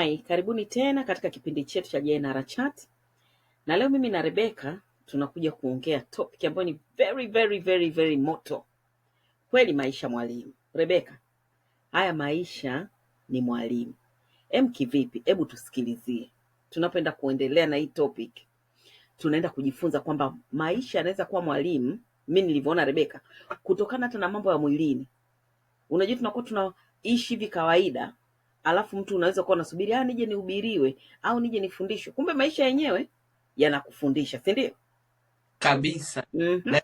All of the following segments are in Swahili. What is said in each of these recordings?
Hai, karibuni tena katika kipindi chetu cha JNR Chat, na leo mimi na Rebeka tunakuja kuongea topic ambayo ni very, very, very, very moto kweli. Maisha mwalimu. Rebeka, haya maisha ni mwalimu em, kivipi? Hebu tusikilizie, tunapoenda kuendelea na hii topic tunaenda kujifunza kwamba maisha yanaweza kuwa mwalimu. Mimi nilivyoona Rebeka, kutokana hata na mambo ya mwilini. Unajua, tunakuwa tunaishi hivi kawaida alafu mtu unaweza kuwa unasubiri ah, nije nihubiriwe au nije nifundishwe, kumbe maisha yenyewe yanakufundisha, si ndio? Kabisa. mm -hmm.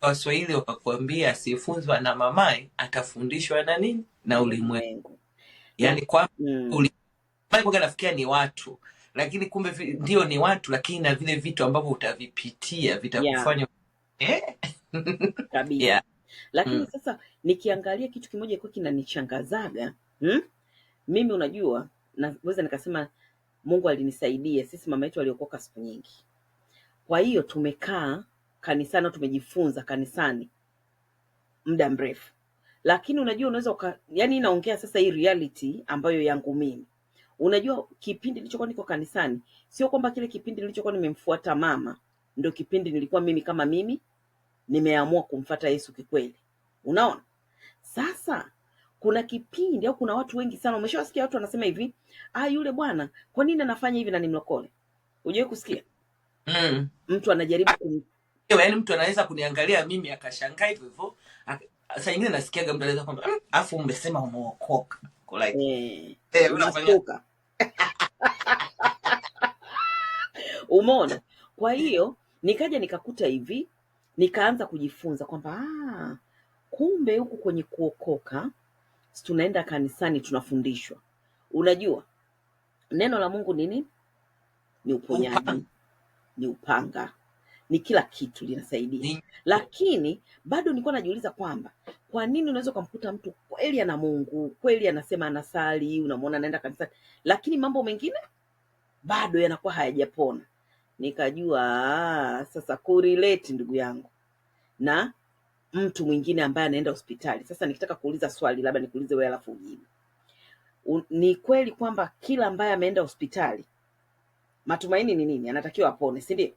Waswahili wakakuambia asiyefunzwa na mamaye atafundishwa na nini? Na ulimwengu. Yani kwa mm. ulimwengu nafikia ni watu, lakini kumbe ndio ni watu, lakini na vile vitu ambavyo utavipitia vitakufanya yeah. eh? yeah. Lakini mm. sasa nikiangalia kitu kimoja kwa kinanichangazaga hmm? Mimi unajua, naweza nikasema Mungu alinisaidia, sisi mama yetu aliokoka siku nyingi. Kwa hiyo tumekaa kanisani au tumejifunza kanisani muda mrefu, lakini unajua unaweza uka, yani naongea sasa hii reality ambayo yangu mimi unajua kipindi nilichokuwa niko kanisani, sio kwamba kile kipindi nilichokuwa nimemfuata mama ndio kipindi nilikuwa mimi kama mimi nimeamua kumfata Yesu kikweli. Unaona sasa, kuna kipindi au kuna watu wengi sana, umeshawasikia watu wanasema hivi, ah, yule bwana kwa nini anafanya hivi na nimlokole? Hujawahi kusikia mm. mtu anajaribu kuni... yani mtu anaweza kuniangalia mimi akashangaa hivyo hivyo. Saa nyingine nasikiaga mtu anaweza kwamba mm, afu umesema umeokoka like, eh. Eh, umeona. Kwa hiyo nikaja nikakuta hivi, nikaanza kujifunza kwamba ah, kumbe huku kwenye kuokoka tunaenda kanisani tunafundishwa. Unajua neno la Mungu ni nini? Ni uponyaji, Upanga. ni upanga, ni kila kitu, linasaidia. Lakini bado nilikuwa najiuliza kwamba kwa nini unaweza ukamkuta mtu kweli ana Mungu, kweli anasema anasali, unamwona anaenda kanisani, lakini mambo mengine bado yanakuwa hayajapona. Nikajua sasa kurelate ndugu yangu na mtu mwingine ambaye anaenda hospitali. Sasa nikitaka kuuliza swali, labda nikuulize wewe alafu ujibu. Ni kweli kwamba kila ambaye ameenda hospitali matumaini ni nini? Anatakiwa apone, si ndio?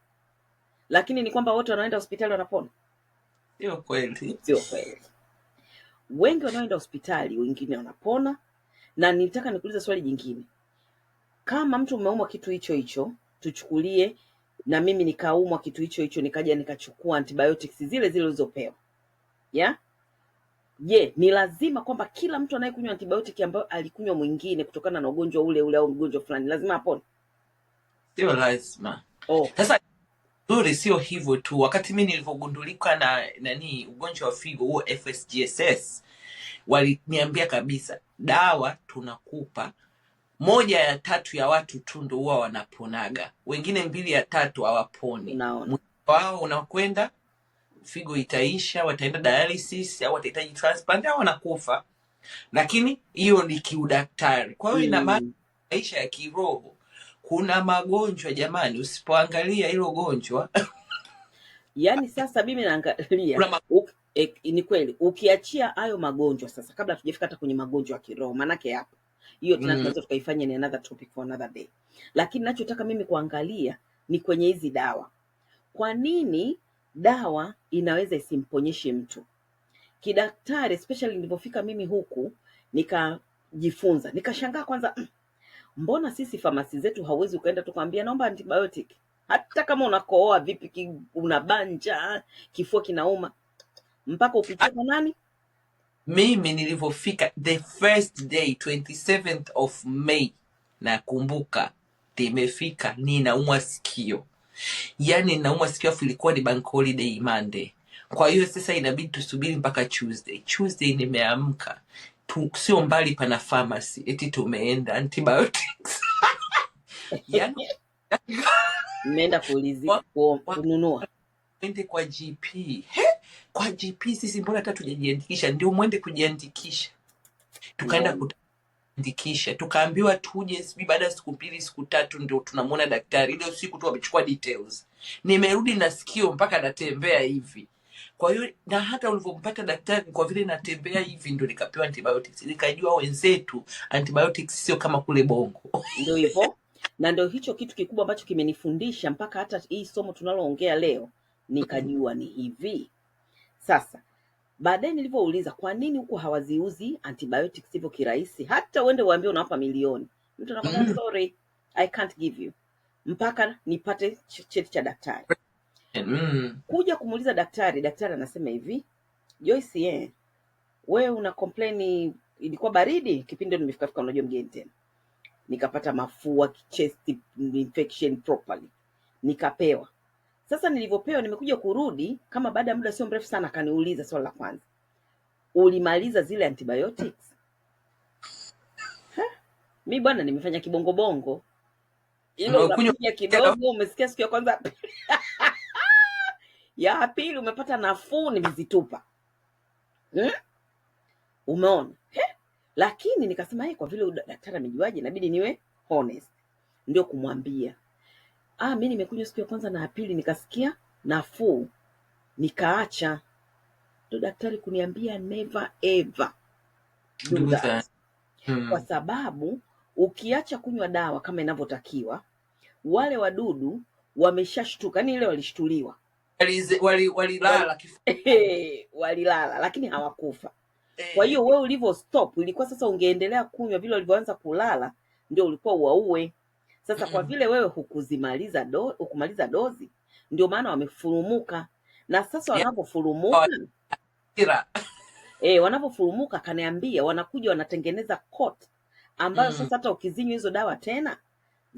Lakini ni kwamba wote wanaoenda hospitali wanapona? Sio kweli, sio kweli. Wengi wanaoenda hospitali, wengine wanapona. Na nitaka nikuuliza swali jingine, kama mtu umeumwa kitu hicho hicho, tuchukulie na mimi nikaumwa kitu hicho hicho, nikaja nikachukua antibiotics zile zile ulizopewa ya je, ni lazima kwamba kila mtu anayekunywa antibiotiki ambayo alikunywa mwingine kutokana na ugonjwa ule ule au mgonjwa fulani lazima apone? Sio lazima. Oh. Sasa zuri, sio hivyo tu. Wakati mimi nilivyogundulika na nani ugonjwa wa figo huo FSGSS, waliniambia kabisa dawa tunakupa moja ya tatu ya watu tu ndo huwa wanaponaga, wengine mbili ya tatu hawaponi, mwili wao unakwenda figo itaisha, wataenda dialysis au watahitaji transplant au wanakufa, lakini hiyo ni kiudaktari. Kwa hiyo ina maana hmm. maisha ya kiroho, kuna magonjwa jamani, usipoangalia hilo gonjwa yani sasa mimi naangalia E, ni kweli ukiachia hayo magonjwa sasa, kabla tujafika hata kwenye magonjwa ya kiroho, maanake hapo hiyo tena hmm. tunaweza mm, tukaifanya ni another topic for another day, lakini nachotaka mimi kuangalia ni kwenye hizi dawa. Kwa nini dawa inaweza isimponyeshe mtu. Kidaktari especially nilipofika mimi huku nikajifunza, nikashangaa kwanza, mm, mbona sisi famasi zetu hauwezi ukaenda tukaambia naomba antibiotic, hata kama unakooa vipi, ki, unabanja, kifua kinauma, mpaka upitie kwa nani? Mimi nilivyofika the first day 27th of May, nakumbuka nimefika ninaumwa sikio yani nauma sikio afu ilikuwa ni bank holiday Monday. Kwa hiyo sasa inabidi tusubiri mpaka Tuesday. Tuesday nimeamka tu, sio mbali pana pharmacy, eti tumeenda antibiotics yaani kuulizia kununua ende kwa GP. He? Kwa GP sisi mbona hata tujajiandikisha? Ndio mwende kujiandikisha. Tukaenda no andikishe. Tukaambiwa tuje, sijui baada ya siku mbili siku tatu ndio tunamwona daktari. Ile siku tu amechukua details, nimerudi na sikio mpaka natembea hivi. Kwa hiyo na hata ulivyompata daktari, kwa vile natembea hivi, ndio nikapewa antibiotics. Nikajua wenzetu antibiotics sio kama kule Bongo. Ndio hivyo na ndio hicho kitu kikubwa ambacho kimenifundisha mpaka hata hii somo tunaloongea leo, nikajua ni hivi sasa Baadaye nilivyouliza kwa nini huku hawaziuzi antibiotics hivyo kirahisi, hata uende uambie unawapa milioni, mtu anakwambia mm-hmm. sorry, I can't give you mpaka nipate cheti cha daktari. Mm. Kuja kumuuliza daktari, daktari anasema hivi, Joyce, eh, wewe una complain ilikuwa baridi kipindi nimefika fika, unajua mgeni tena, nikapata mafua, chest infection properly, nikapewa sasa nilivyopewa, nimekuja kurudi kama baada ya muda sio mrefu sana, akaniuliza swali la kwanza, ulimaliza zile antibiotics? Mi bwana, nimefanya kibongo bongo, ilo unakunywa kidogo, umesikia siku ya kwanza ya pili umepata nafuu, nimezitupa hmm? Umeona Lakini nikasema hey, eh, kwa vile daktari amejuaje, inabidi niwe honest, ndio kumwambia ah, mi nimekunywa siku ya kwanza na ya pili nikasikia nafuu, nikaacha. Ndo daktari kuniambia never ever do that. Hmm. Kwa sababu ukiacha kunywa dawa kama inavyotakiwa, wale wadudu wameshashtuka, yani ile walishtuliwa, walilala wali, wali walilala, lakini hawakufa. Kwa hiyo wewe ulivyo stop, ilikuwa sasa, ungeendelea kunywa vile ulivyoanza kulala, ndio ulikuwa uwaue. Sasa mm -hmm. kwa vile wewe hukuzimaliza do, hukumaliza dozi, ndio maana wamefurumuka, na sasa wanapofurumuka yeah. E, wanapofurumuka oh, eh, kaniambia, wanakuja wanatengeneza coat ambayo mm. -hmm. Sasa hata ukizinywa hizo dawa tena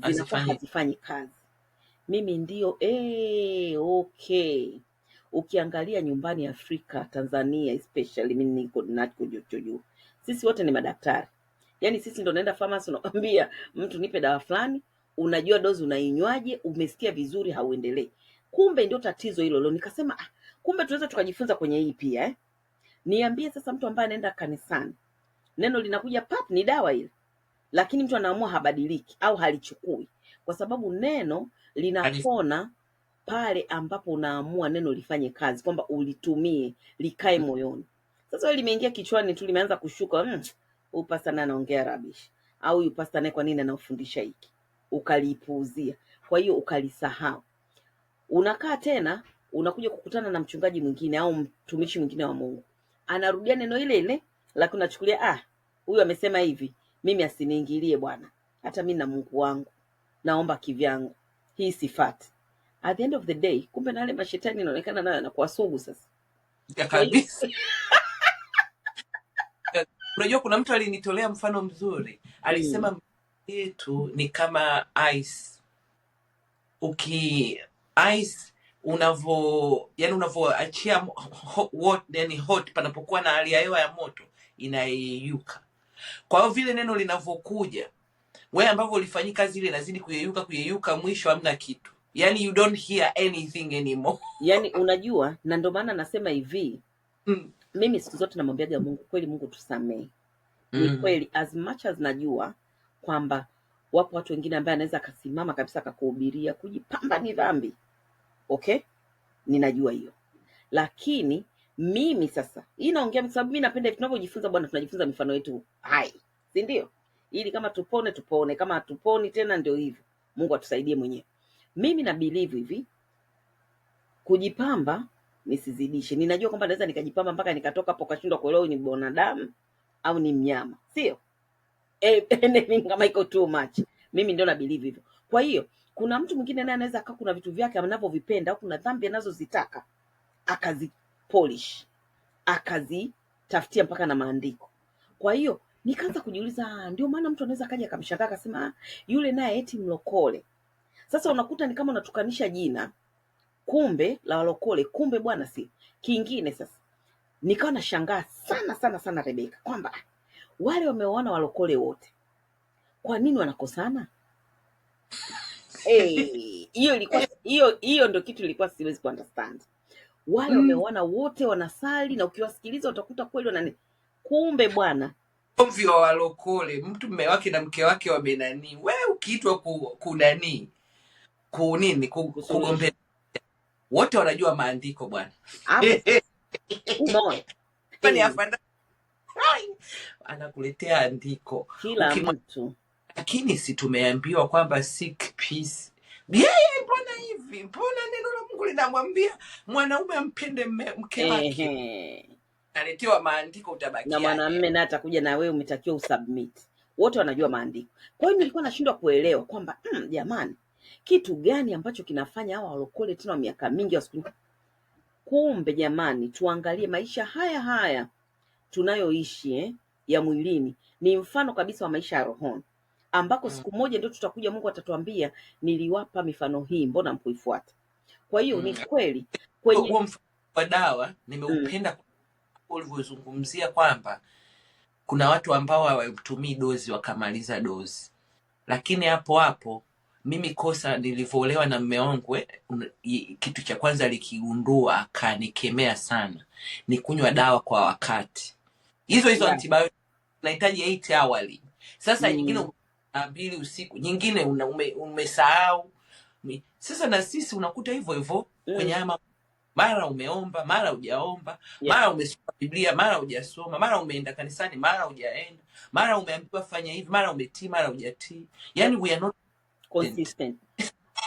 zinakuwa hazifanyi kazi. Mimi ndio e, okay ukiangalia nyumbani Afrika, Tanzania especially, mimi niko nachojuju, sisi wote ni madaktari, Yani sisi ndo naenda pharmacy, unakwambia mtu nipe dawa fulani, unajua dozi unainywaje, umesikia vizuri, hauendelei. Kumbe ndio tatizo hilo lo Nikasema ah, kumbe tunaweza tukajifunza kwenye hii pia eh? Niambie sasa, mtu ambaye anaenda kanisani, neno linakuja pap, ni dawa ile, lakini mtu anaamua habadiliki au halichukui, kwa sababu neno linapona pale ambapo unaamua neno lifanye kazi, kwamba ulitumie likae moyoni. Sasa wewe limeingia kichwani tu, limeanza kushuka, mm, huyu mm, pasta naye anaongea rabishi au huyu pasta naye kwa nini anaofundisha hiki? ukaliipuuzia, kwa hiyo ukalisahau. Unakaa tena unakuja kukutana na mchungaji mwingine au mtumishi mwingine wa Mungu, anarudia neno ile ile, lakini unachukulia ah, huyu amesema hivi, mimi asiniingilie bwana, hata mimi na Mungu wangu naomba kivyangu, hii sifati. At the end of the day, kumbe na wale mashetani inaonekana nayo yanakuwa sugu sasa kabisa. Unajua, kuna mtu alinitolea mfano mzuri, Mm, alisema hmm yetu ni kama ice. Uki ice unavo yani unavoachia hot, yani hot panapokuwa na hali ya hewa ya moto inayeyuka. Kwa hiyo vile neno linavyokuja wee ambavyo ulifanyi kazi ile inazidi kuyeyuka kuyeyuka, mwisho hamna kitu, yani you don't hear anything anymore. Yani unajua, na ndio maana nasema hivi mm. Mimi siku zote namwambiaga Mungu, kweli Mungu tusamee, ni mm. kweli as much as najua kwamba wapo watu wengine ambaye anaweza akasimama kabisa akakuhubiria kujipamba ni dhambi. Okay, ninajua hiyo, lakini mimi sasa hii naongea kwa sababu mi napenda tunavyojifunza. Bwana, tunajifunza mifano yetu hai, si ndio? Ili kama tupone tupone, kama hatuponi tena ndio hivyo. Mungu atusaidie mwenyewe. Mimi na bilivu hivi, kujipamba nisizidishe. Ninajua kwamba naweza nikajipamba mpaka nikatoka hapo kashindwa kuelewa ni bonadamu au ni mnyama, sio kama eh, iko too much. Mimi ndio na believe hivyo. Kwa hiyo kuna mtu mwingine naye anaweza akaa, kuna vitu vyake anavyovipenda au kuna dhambi anazozitaka akazipolish akazitafutia mpaka na maandiko. Kwa hiyo nikaanza kujiuliza, ah, ndio maana mtu anaweza kaja akamshangaa akasema, ah, yule naye eti mlokole. Sasa unakuta ni kama unatukanisha jina kumbe la walokole, kumbe bwana si kingine. Sasa nikawa nashangaa sana sana sana Rebeka kwamba wale wameona walokole wote, kwa nini wanakosana? Hey, eh, hiyo ilikuwa hiyo hiyo ndo kitu ilikuwa siwezi understand. Wale mm. wamewaona wote wanasali, na ukiwasikiliza utakuta kweli wanani kumbe bwana gomvi wa walokole, mtu mme wake na mke wake wamenani, we ukiitwa ku- ku nani ku- kugombea, wote wanajua maandiko bwana. umeona anakuletea andiko kila mtu lakini si tumeambiwa kwamba seek peace yeye mbona hivi mbona neno la mungu linamwambia mwanaume ampende mke wake naletewa maandiko utabaki na mwanamme naye atakuja na wewe umetakiwa usubmit wote wanajua maandiko kwa hiyo nilikuwa nashindwa kuelewa kwamba mm, jamani mm, kitu gani ambacho kinafanya hawa walokole tena miaka mingi wasiku kumbe jamani tuangalie maisha haya haya tunayoishi eh, ya mwilini ni mfano kabisa wa maisha ya rohoni ambako mm. siku moja ndio tutakuja Mungu atatuambia niliwapa mifano hii, mbona mkuifuata? Kwa hiyo ni mm. kweli kwenye mfano wa dawa nimeupenda mm. ulivyozungumzia kwamba kuna watu ambao hawatumii dozi wakamaliza dozi, lakini hapo hapo mimi kosa nilivyoolewa na mme wangu, eh, kitu cha kwanza likigundua, akanikemea sana ni kunywa dawa kwa wakati hizo hizo yeah. antibiotics unahitaji 8 awali sasa mm. nyingine na mbili usiku nyingine una, ume, umesahau sasa na sisi unakuta hivyo hivyo mm. kwenye ama mara umeomba mara hujaomba yeah. mara umesoma Biblia mara hujasoma mara umeenda kanisani mara hujaenda mara umeambiwa fanya hivi mara umetii mara hujatii yani we are not consistent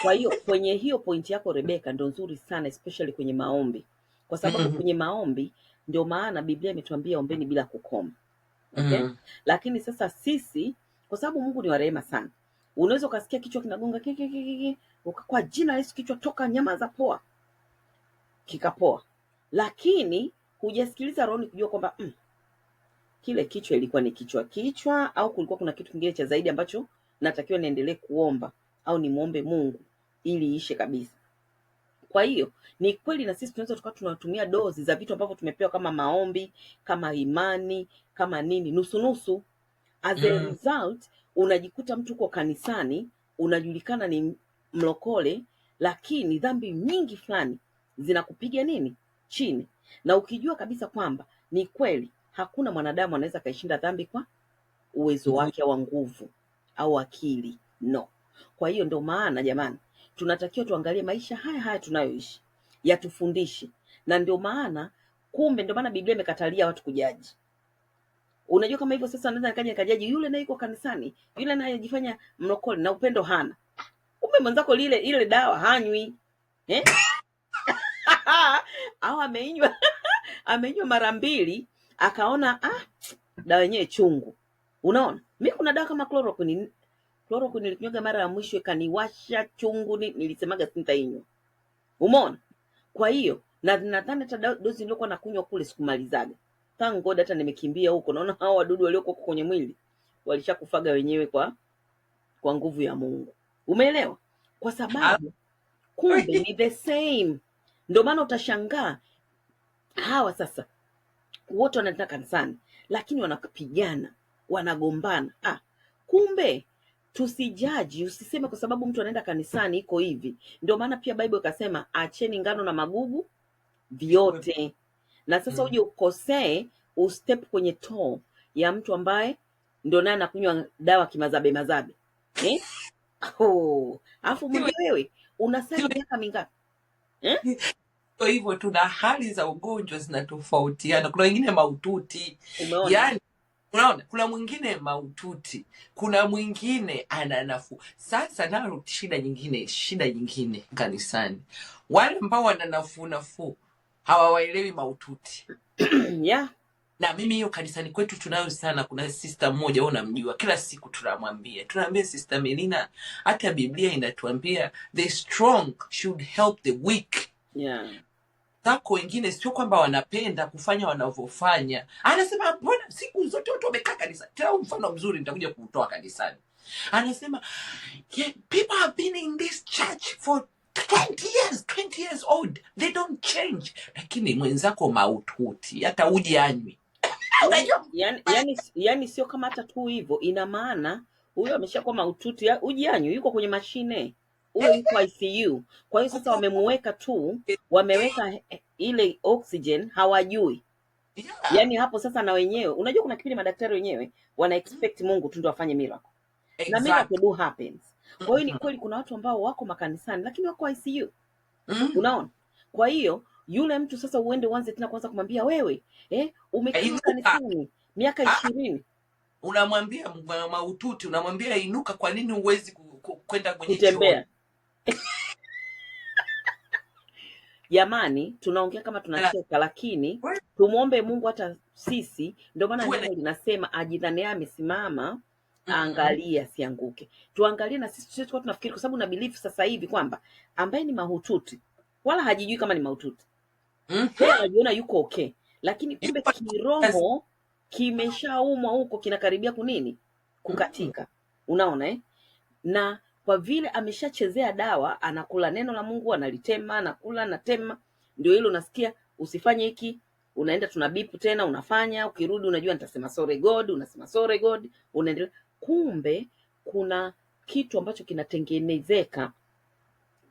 kwa hiyo kwenye hiyo pointi yako Rebeka ndo nzuri sana especially kwenye maombi kwa sababu mm -hmm. kwenye maombi ndio maana Biblia imetuambia ombeni bila kukoma, okay? mm -hmm. Lakini sasa sisi kwa sababu Mungu ni wa rehema sana, unaweza ukasikia kichwa kinagonga kwa jina la Yesu, kichwa toka, nyama za poa, kikapoa, lakini hujasikiliza roni kujua kwamba mm, kile kichwa ilikuwa ni kichwa kichwa, au kulikuwa kuna kitu kingine cha zaidi ambacho natakiwa niendelee kuomba au nimwombe Mungu ili iishe kabisa. Kwa hiyo ni kweli na sisi tunaweza tukawa tunatumia dozi za vitu ambavyo tumepewa kama maombi, kama imani, kama nini, nusunusu. As a mm. result, unajikuta mtu uko kanisani, unajulikana ni mlokole, lakini dhambi nyingi fulani zinakupiga nini chini, na ukijua kabisa kwamba ni kweli hakuna mwanadamu anaweza akaishinda dhambi kwa uwezo mm-hmm. wake wa nguvu au akili, no. Kwa hiyo ndo maana jamani tunatakiwa tuangalie maisha haya haya tunayoishi yatufundishe, na ndio maana kumbe, ndio maana Biblia imekatalia watu kujaji. Unajua kama hivyo sasa, naweza nikaja nikajaji yule naye yuko kanisani, yule naye anajifanya na upendo hana, kumbe mwenzako lile ile dawa hanywi eh? au ameinywa ameinywa mara mbili akaona ah, dawa yenyewe chungu. Unaona, mi kuna dawa kama chloroquine Chloroquine nilikunywaga mara ya mwisho ikaniwasha chungu, ni- nilisemaga sintainywa. Umeona? Kwa hiyo na nadhani hata dozi niliokuwa nakunywa kule sikumalizaga. Thank God hata nimekimbia huko, naona hao wadudu waliokuwa kwenye mwili walishakufaga wenyewe kwa kwa nguvu ya Mungu. Umeelewa? Kwa sababu kumbe ni the same. Ndio maana utashangaa hawa sasa wote wanataka kanisani, lakini wanapigana, wanagombana. Ah, kumbe tusijaji, usiseme kwa sababu mtu anaenda kanisani iko hivi. Ndio maana pia Bible ikasema acheni ngano na magugu vyote, na sasa mm. uje ukosee ustep kwenye too ya mtu ambaye ndio naye anakunywa dawa kimazabe mazabe eh? Oh, afu wewe unasali miaka mingapi eh? eh? Kwa hivyo tuna hali za ugonjwa zinatofautiana, kuna wengine maututi, yani Unaona, kuna mwingine maututi, kuna mwingine ana Sasa nalo shida nyingine, shida nyingine kanisani, wale ambao wana nafuu hawawaelewi maututi yeah. Na mimi hiyo kanisani kwetu tunayo sana. Kuna sista mmoja, wewe unamjua, kila siku tunamwambia, tunaambia Sista Melina, hata Biblia inatuambia the strong should help the weak yeah zako wengine sio kwamba wanapenda kufanya wanavyofanya. Anasema mbona siku zote watu wamekaa kanisani. Tena mfano mzuri nitakuja kuutoa kanisani. Anasema yeah, people have been in this church for 20 years, 20 years old. They don't change. Lakini mwenzako maututi hata uji anywi. yani sio kama hata tu hivyo, ina maana huyo ameshakuwa maututi uji yuko kwenye mashine huyo yuko ICU. Kwa hiyo sasa wamemweka tu, wameweka ile oxygen, hawajui yeah. Yaani hapo sasa na wenyewe unajua, kuna kipindi madaktari wenyewe wana expect Mungu tu ndo afanye miracle exactly. na miracle do happens. Kwa hiyo ni kweli kuna watu ambao wako makanisani lakini wako ICU mm -hmm. Unaona, kwa hiyo yule mtu sasa uende uanze tena kwanza kumwambia wewe eh, umekaa kanisani miaka ah, ah. ishirini unamwambia maututi, unamwambia inuka, kwa nini huwezi kwenda kwenye kutembea? Jamani, tunaongea kama tunacheka, ah. lakini tumwombe Mungu hata sisi. Ndio maana neno linasema ajidhane yeye amesimama mm-hmm. aangalie asianguke. Tuangalie na sisi tusiwe tunafikiri, kwa sababu na believe sasa hivi kwamba ambaye ni mahututi wala hajijui kama ni mahututi mm-hmm. yeye anajiona yuko okay, lakini kumbe kiroho kimeshaumwa huko, kinakaribia kunini mm-hmm. kukatika. Unaona eh? na kwa vile ameshachezea dawa, anakula neno la Mungu analitema, anakula natema ndio hilo unasikia usifanye hiki, unaenda bipu tena, unafanya ukirudi, unajua nitasema sorry God, unasema sorry God, unaendelea. Kumbe kuna kitu ambacho kinatengenezeka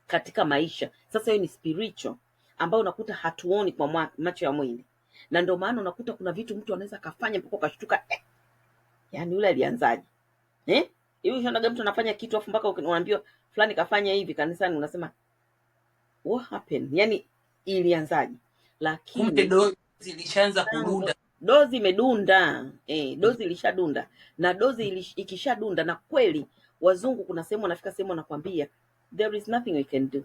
katika maisha. Sasa hiyo ni spiritual ambayo unakuta hatuoni kwa macho ya mwili, na ndio maana unakuta kuna vitu mtu anaweza akafanya mpaka ukashtuka eh, yani yule alianzaje eh? hivi unaonaga mtu anafanya kitu afu mpaka unaambiwa fulani kafanya hivi kanisani, unasema what happened, yani ilianzaje? Lakini kumbe dozi ilishaanza kudunda, dozi imedunda eh, dozi ilishadunda. Na dozi ikishadunda, na kweli wazungu kuna sehemu wanafika sehemu wanakwambia there is nothing we can do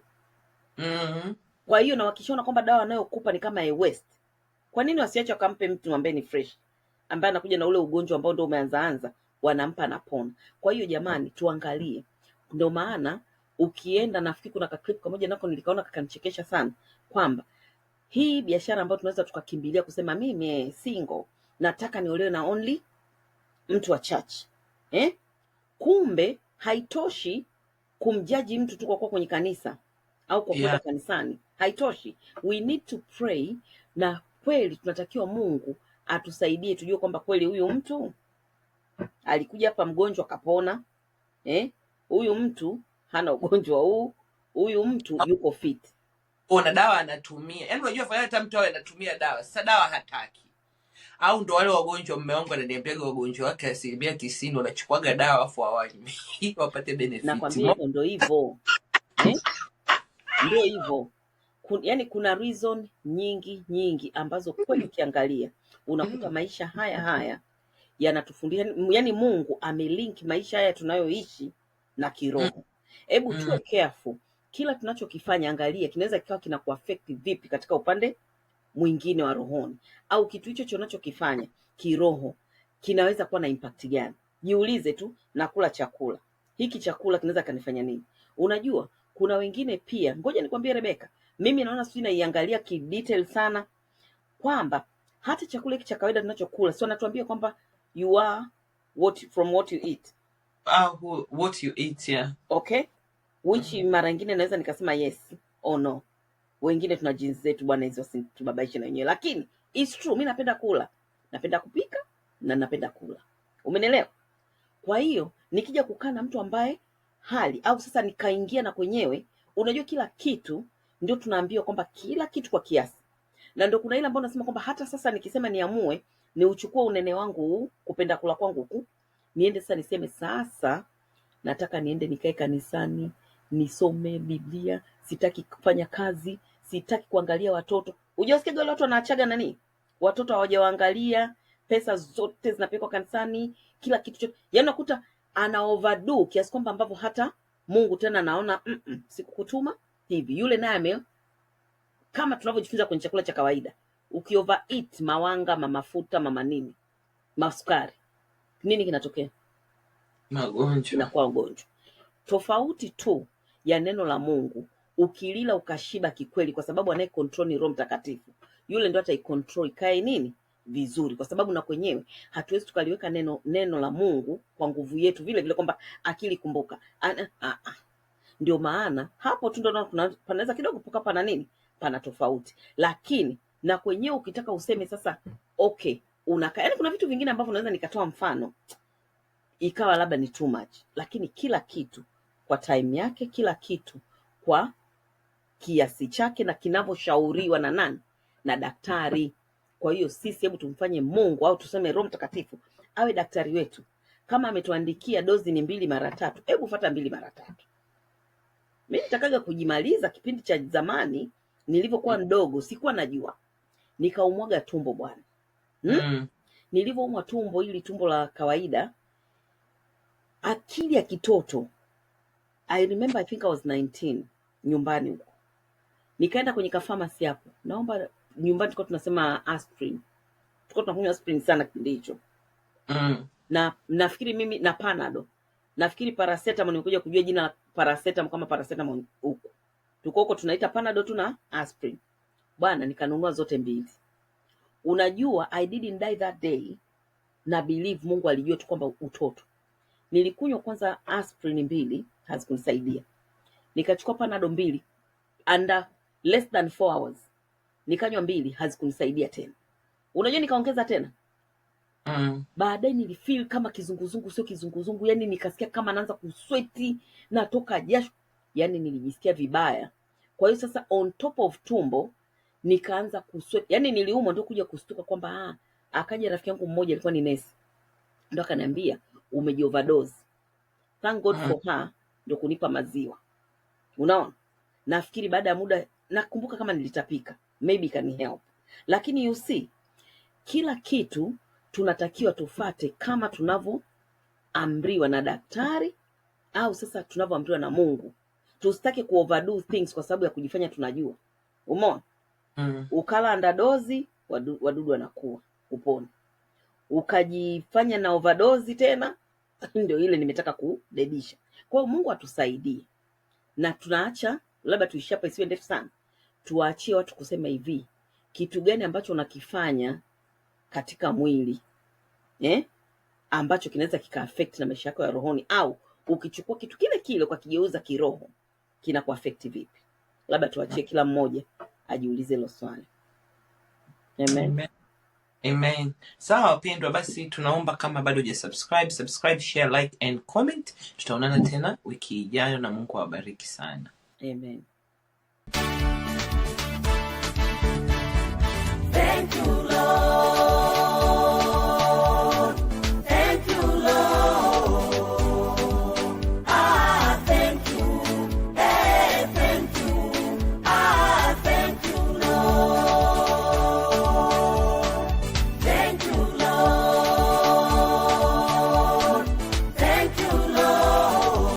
mm -hmm. Kwa hiyo na wakishaona kwamba dawa anayokupa ni kama a waste, kwa nini wasiache wakampe mtu ambaye ni fresh ambaye anakuja na ule ugonjwa ambao ndio umeanzaanza wanampa napona Kwa hiyo jamani, tuangalie. Ndio maana ukienda, nafikiri kuna kaklipu kamoja nako nilikaona kakanichekesha sana, kwamba hii biashara ambayo tunaweza tukakimbilia kusema mimi eh, single nataka niolewe na only mtu wa church eh? Kumbe haitoshi kumjaji mtu tu kwa kuwa kwenye kanisa au kwa kwenda yeah, kanisani haitoshi. We need to pray, na kweli tunatakiwa Mungu atusaidie tujue kwamba kweli huyu mtu alikuja hapa mgonjwa kapona. Eh, huyu mtu hana ugonjwa huu, huyu mtu yuko fit. Ona dawa anatumia, yaani unajua fanya hata mtu awe anatumia dawa, sasa dawa hataki au ndo wale wagonjwa, mme wangu ananiambiaga wagonjwa wake asilimia tisini wanachukuaga dawa afu awanywe wapate benefit. Nakwambia ndo hivyo eh? Ndio hivyo Kun, yani kuna reason nyingi nyingi ambazo kweli ukiangalia unakuta maisha haya haya yanatufundisha, yani Mungu amelink maisha haya tunayoishi na kiroho. Hebu mm. Mm. tuwe careful, kila tunachokifanya angalia, kinaweza kikawa kina vipi katika upande mwingine wa rohoni, au kitu hicho chonachokifanya kiroho kinaweza kuwa na impact gani? Jiulize tu, nakula chakula hiki, chakula kinaweza kanifanya nini? Unajua kuna wengine pia, ngoja nikwambie Rebeka, mimi naona sijui naiangalia kidetail sana kwamba hata chakula hiki cha kawaida tunachokula sio, anatuambia kwamba You are what from what you eat. Ah, who, what you eat, yeah. Okay? Which mm-hmm. mara ingine naweza nikasema yes or no. Wengine tuna jinsi zetu bwana, hizo tubabaishe na wenyewe, lakini it's true, mi napenda kula, napenda kupika na napenda kula, umenelewa Kwa hiyo nikija kukaa na mtu ambaye hali au sasa nikaingia na kwenyewe, unajua kila kitu ndio tunaambiwa kwamba kila kitu kwa kiasi, na ndio kuna ile ambayo unasema kwamba hata sasa nikisema niamue uchukue unene wangu huu, kupenda kula kwangu huku, niende sasa niseme sasa nataka niende nikae kanisani nisome Biblia, sitaki kufanya kazi, sitaki kuangalia watoto. Hujasikia wale watu wanaachaga nani, watoto hawajawaangalia, pesa zote zinapelekwa kanisani, kila kitu chote, yaani unakuta ana overdo kiasi kwamba ambavyo hata Mungu tena anaona mm -mm, sikukutuma hivi. Yule naye ame kama tunavyojifunza kwenye chakula cha kawaida, ukiovereat mawanga, mamafuta, mamanini, masukari, nini kinatokea? Magonjwa, inakuwa ugonjwa. Tofauti tu ya neno la Mungu, ukilila ukashiba kikweli, kwa sababu anaye control ni Roho Mtakatifu, yule ndo ataicontrol ikae nini vizuri kwa sababu na kwenyewe hatuwezi tukaliweka neno neno la Mungu kwa nguvu yetu vile vile, kwamba akili kumbuka. Ndio maana hapo tu ndo panaweza kidogo poka pana nini, pana tofauti, lakini na kwenyewe ukitaka useme sasa okay unaka yani kuna vitu vingine ambavyo naweza nikatoa mfano ikawa labda ni too much, lakini kila kitu kwa time yake, kila kitu kwa kiasi chake na kinavyoshauriwa na nani? Na daktari. Kwa hiyo sisi, hebu tumfanye Mungu au tuseme Roho Mtakatifu awe daktari wetu. Kama ametuandikia dozi ni mbili mara tatu, hebu fata mbili mara tatu. Mimi nitakaga kujimaliza. Kipindi cha zamani nilivyokuwa mdogo sikuwa najua nikaumwaga tumbo bwana hmm? mm. Nilivyoumwa tumbo ili tumbo la kawaida, akili ya kitoto I remember I think I was 19 nyumbani huko, nikaenda kwenye kafamasi hapo, naomba nyumbani, tulikuwa tunasema aspirin, tulikuwa tunakunywa aspirin sana kipindi hicho mm. na nafikiri mimi na panado nafikiri paracetamol, nimekuja kujua jina la paracetamol kama paracetamol huko, tuko huko tunaita panado tu na aspirin bwana, nikanunua zote mbili. Unajua, I didn't die that day na believe Mungu alijua tu kwamba utoto. Nilikunywa kwanza aspirin mbili, hazikunisaidia. Nikachukua panado mbili under less than four hours, nikanywa mbili, hazikunisaidia tena. Unajua nikaongeza tena Mm. Baadaye nilifeel kama kizunguzungu, sio kizunguzungu, yani nikasikia kama naanza kusweti, natoka jasho, yani nilijisikia vibaya. Kwa hiyo sasa, on top of tumbo nikaanza kuswe yani niliumwa ndio kuja kustuka kwamba ah, akaja rafiki yangu mmoja alikuwa ni nesi ndo akaniambia umejioverdose thank god for her ndio kunipa maziwa unaona nafikiri baada ya muda nakumbuka kama nilitapika maybe can help lakini you see kila kitu tunatakiwa tufate kama tunavyoamriwa na daktari au sasa tunavyoamriwa na mungu tusitake overdo things kwa sababu ya kujifanya tunajua umeona mm. ukala andadozi wadu, wadudu wanakuwa upone, ukajifanya na overdose tena ndio ile nimetaka kudedisha. Kwa Mungu atusaidie, na tunaacha labda tuishapa isiwe ndefu sana, tuwaachie watu kusema hivi, kitu gani ambacho unakifanya katika mwili eh? ambacho kinaweza kika affect na maisha yako ya rohoni, au ukichukua kitu kile kile kigeuza kiroho kina vipi? Labda tuachie ah. kila mmoja ajiulize hilo swali. Amen. Amen. Amen. Sawa wapendwa, basi tunaomba kama bado huja subscribe, subscribe, share, like and comment. Tutaonana tena wiki ijayo na Mungu awabariki sana. Amen.